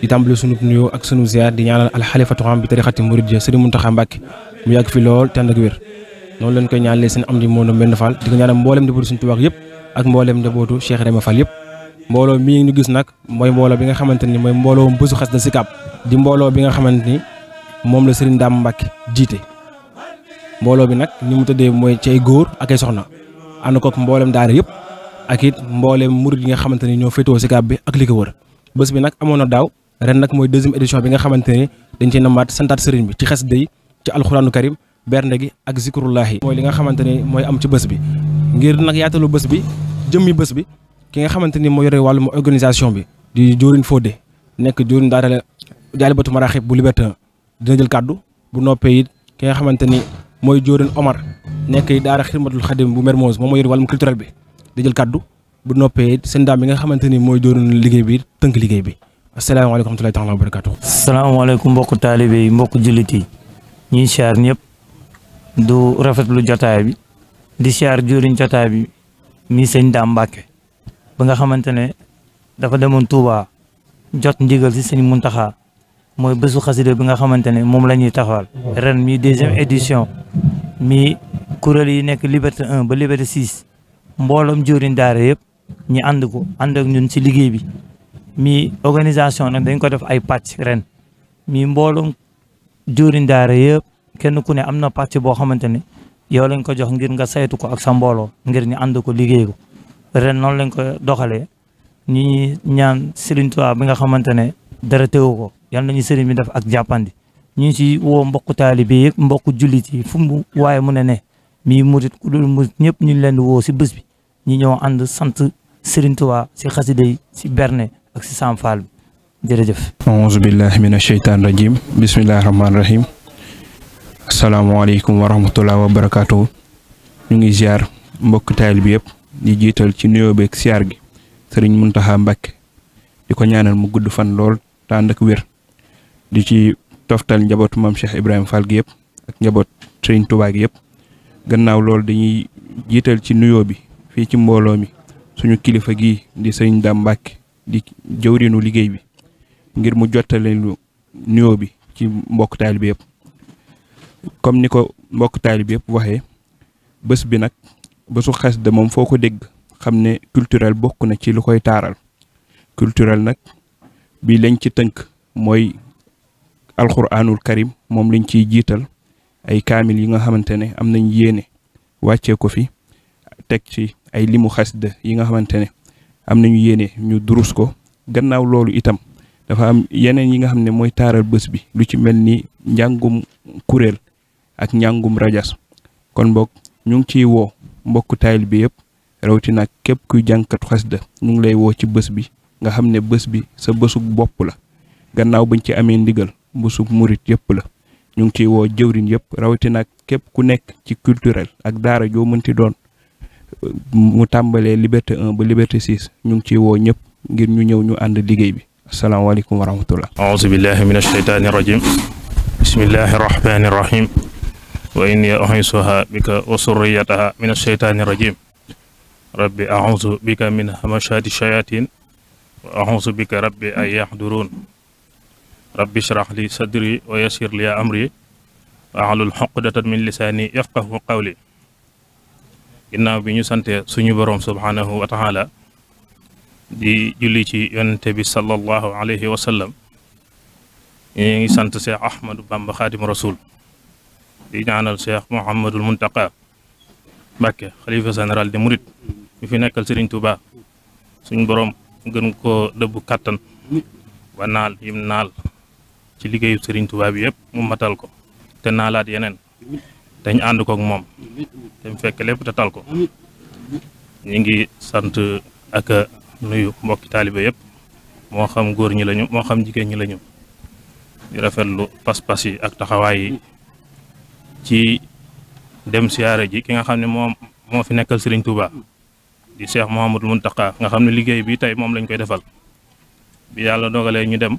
di tàmbali sunu nuyoo ak sunu ziar di ñaanal alxalifatu am bi tarixati muridiyya Sëriñ Muntaxa Mbàkke mu yàgg fi lool te ànd wér noonu leen koy ñaanalee seen am di moom benn Fall di ko ñaanal mboolem njabootu Sëriñ Tuubaa gis nag mooy mbooloo bi nga xamante ni mooy mbooloo Mbësu Xasida Sicap di mbooloo bi nga xamante ni moom la Sëriñ Daam Mbàkke jiite mbooloo bi nag ni mu tëddee mooy ci ay góor ak ay soxna ànd kook mbooleem daara yëpp ak it mboolem murid yi nga xamante ni ñoo féetewoo Sicap bi ak li ko wër bés bi nag amoon na daaw ren nag mooy deuxième édition bi nga xamante ne dañ ci namaat santaat sëriñ bi ci xasida yi ci alxuraanu karim bernde gi ak zikrullahi mooy li nga xamante ne mooy am ci bës bi ngir nag yaatalu bës bi jëmmi bës bi ki nga xamante ni moo yore wàllum organisation bi di Diourine Fodé nekk Diourine daara jaalibatu maraaxib bu Liberté dina jël kàddu bu noppee it ki nga xamante ni mooy Diourine Omar nekk daara xidmatul xadim bu Mermoz moom moo yore wàllum culturel bi di jël kàddu bu noppee it seen daam bi nga xamante ni mooy Diourine liggéey bi tënk liggéey bi. asalaamaaleykum wa rahmatullaahi wa barakaatu. salaamaaleykum mbokku taalibe yi mbokku jullit yi ñuy siyaar du rafetlu jotaay bi di siyaar juriñ jotaay bi mi sëñ Daam Mbàkke ba nga xamante ne dafa demoon Touba jot ndigal si sëñ Muntaxa mooy bésu xasida bi nga xamante ne moom la ñuy taxawal ren mi deuxième édition mi kuréel yi nekk liberté 1 ba liberté 6 mbooloom juriñ daara yëpp ñu ànd ko ànd ak ñun si liggéey bi mi organisation nag dañ ko def ay pàcc ren mi mboolum juriñ daara yëpp kenn ku ne am na pàcc boo xamante ne yow lañ ko jox ngir nga saytu ko ak sa mbooloo ngir ñu ànd ko liggéey ko ren noonu lañ doxale ni ñi ñaan Serigne Touba bi nga xamante ne dara teewu ko yal nañu Serigne def ak jàppandi ñu si woo mbokku taalibe yi mbokku jullit yi fu mu waaye mu ne ne mi murit ku dul murit ñëpp ñu leen di woo si bés bi ñu ñëw sant Serigne Touba si xasida si berne ak si Sam Fall jërëjëf. aouzu billahi mina sheytaan rajim bismillahi rahmaani rahim wa rahmatulah ñu ngi ziar mbokk taayil bi yëpp di jiital ci nuyoo beeg ziar gi sëriñ Muntaxa Mbàkke di ko ñaanal mu gudd fan lool te ànd ak di ci toftal njabootu maam Cheikh Ibrahima Fall gi yëpp ak njaboot sëriñ Tuubaa gi yëpp gannaaw lool dañuy jiital ci nuyo bi fii ci mbooloo mi suñu kilifa gi di sëriñ Dame Mbàkke di jëwriñu liggéey bi ngir mu jottale lu nuyoo bi ci mbokk taalibe yëpp comme ni ko mbokk taalibe yëpp waxee bés bi nag bésu xasida moom foo ko dégg xam ne culturel bokk na ci lu koy taaral culturel nag bi lañ ci tënk mooy alxuraanul karim moom lañ ciy jiital ay kaamil yi nga xamante ne am nañ yéene wàccee ko fi teg ci ay limu xasida yi nga xamante ne am nañu yéene ñu duruus ko gannaaw loolu itam dafa am yeneen yi nga xam ne mooy taaral bés bi lu ci mel ni njàngum kuréel ak njàngum rajas kon boog ñu ngi ciy woo mbokk taayil bi yëpp rawatina képp kuy jànkat xasida ñu ngi lay woo ci bés bi nga xam ne bés bi sa bésug bopp la gannaaw bañ ci amee ndigal bésug murit yëpp la ñu ngi ciy woo jëwrin yëpp rawatina ak képp ku nekk ci culturel ak daara joo mënti doon mu tàmbalee liberté 1 ba ñu ngi ciy woo ñëpp ngir ñu ñëw ñu ànd liggéey bi asalaamaaleykum wa rahmatullah aouzu billahi min asheytaani irajim bismillahi irrahmani irrahim wa inni uhiisuha bika wa surriyataha min asheytaani irajim rabbi aouzu bika min hamashati shayatin wa aouzu bika rabbi an yaxduruun rabbi shrah li sadri wa yassir li amri wa ahlul uqdatan min lisaani yafqahu qawli ginnaaw bi ñu sante suñu borom subhaanahu wa taala di julli ci yonente bi sallallahu alayhi wa sallam ngi sant cheikh ahmadou bamba xaadim rasul di ñaanal cheikh mouhamadul muntaqa mbàkke xalifa général de murit ñu fi nekkal sëriñ tuuba suñu boroom gën ko dëbb kàttan ba naal yim naal ci liggéeyu sëriñ tubaab bi yëpp mu matal ko te naalaat yeneen dañ ànd kook moom te mu fekk lépp te tal ko ngi sant ak nuyu mbokki taalibe yëpp moo xam góor ñi lañu moo xam jigéen ñi lañu di rafetlu pas-pas yi ak taxawaay yi ci dem siyaare ji ki nga xam ne moom moo fi nekkal Serigne Touba di Cheikh Mouhamadou Mountakha nga xam ne liggéey bi tey moom lañ koy defal bi yàlla dogalee ñu dem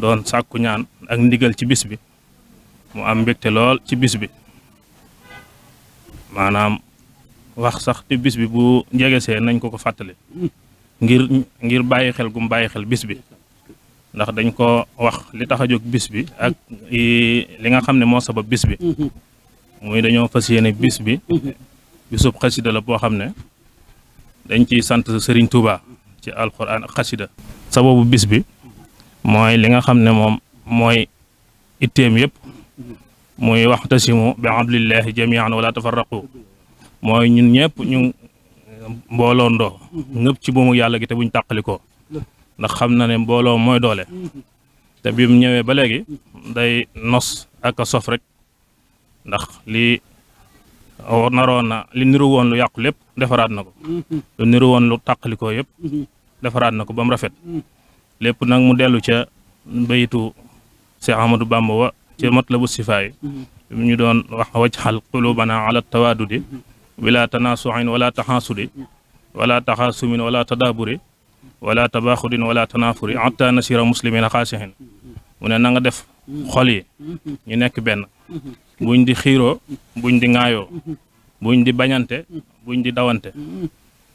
doon sàkku ñaan ak ndigal ci bis bi mu am mbégte lool ci bis bi maanaam wax sax te bis bi bu njegesee nañ ko ko fàttale ngir ngir bàyyi xel gum bàyyi xel bis bi ndax dañ ko wax li tax a jóg bis bi ak li nga xam ne moo sabab bis bi muy dañoo fas yéene bis bi bisub xasida la boo xam ne dañ ciy sant Serigne Touba ci alxuraan ak xasida sababu bis bi mooy li nga xam ne moom mooy itteem yëpp muy waxtasimu bi hablillahi jamian wala tafarraqu mooy ñun ñëpp ñu mbooloondoo ñëpp ci buumu yàlla gi te buñ tàqalikoo ndax xam na ne mbooloo mooy doole te bi mu ñëwee ba léegi day nos ak sof rek ndax li naroon na li niru woon lu yàqu lépp defaraat na ko lu niru woon lu tàqalikoo yëpp defaraat na ko ba rafet lépp nag mu dellu ca bayitu Cheikh Ahmadou Bamba ci matlabu sifaay mm-hmm. ñu doon wax wajxal qulubana ala tawaadudi mm-hmm. wala tanaasuin wala taxaasudi mm-hmm. wala taxaasumin wala tadaaburi wala tabaxudin wala tanaafuri hatta nasira muslimina xaasihin mu ne na nga def xol yi ñu nekk benn buñ di xiiroo buñ di ŋaayoo buñ di bañante buñ di dawante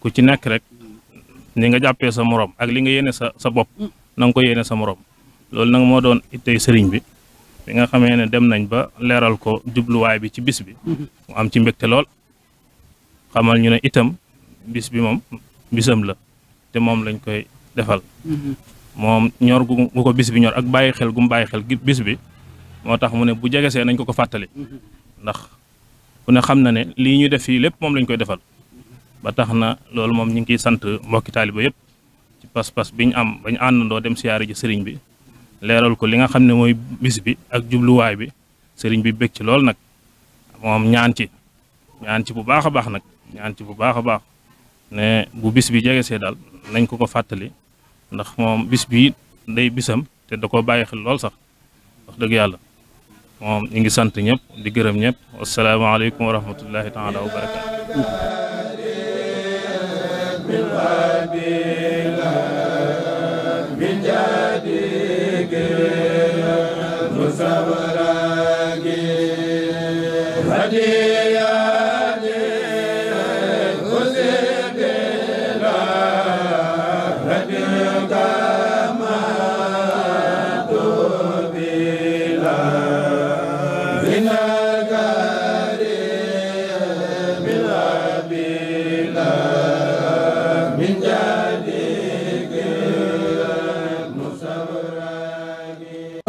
ku ci nekk rek ni nga jàppee sa moroom ak li nga yéene sa sa bopp na nga ko yéene sa morom loolu nag moo doon ittey sëriñ bi bi nga xamee ne dem nañ ba leeral ko jubluwaay bi ci bis bi mu am ci mbégte lool xamal ñu ne itam bis bi moom bisam la te moom lañ koy defal moom ñor gu ko bis bi ñor ak bàyyi xel gu mu bàyyi xel bis bi moo tax mu ne bu jegesee nañ ko ko fàttali ndax ku ne xam na ne lii ñu def fii lépp moom lañ koy defal ba tax na loolu moom ñu ngi ciy sant mbokki taaliba yëpp ci pas-pas biñ am bañ àndandoo dem siyaare ji sëriñ bi leeral ko li nga xam ne mooy bis bi ak jubluwaay bi sëriñ bi bég ci lool nag moom ñaan ci ñaan ci bu baax a baax nag ñaan ci bu baax a baax ne bu bis bi jege see daal nañ ko ko fàttali ndax moom bis bi day bisam te da koo bàyyi xel lool sax wax dëgg yàlla moom ñu ngi sant ñëpp di gërëm ñëpp wasalaamaaleykum wa rahmatullahi taala wa barakaatu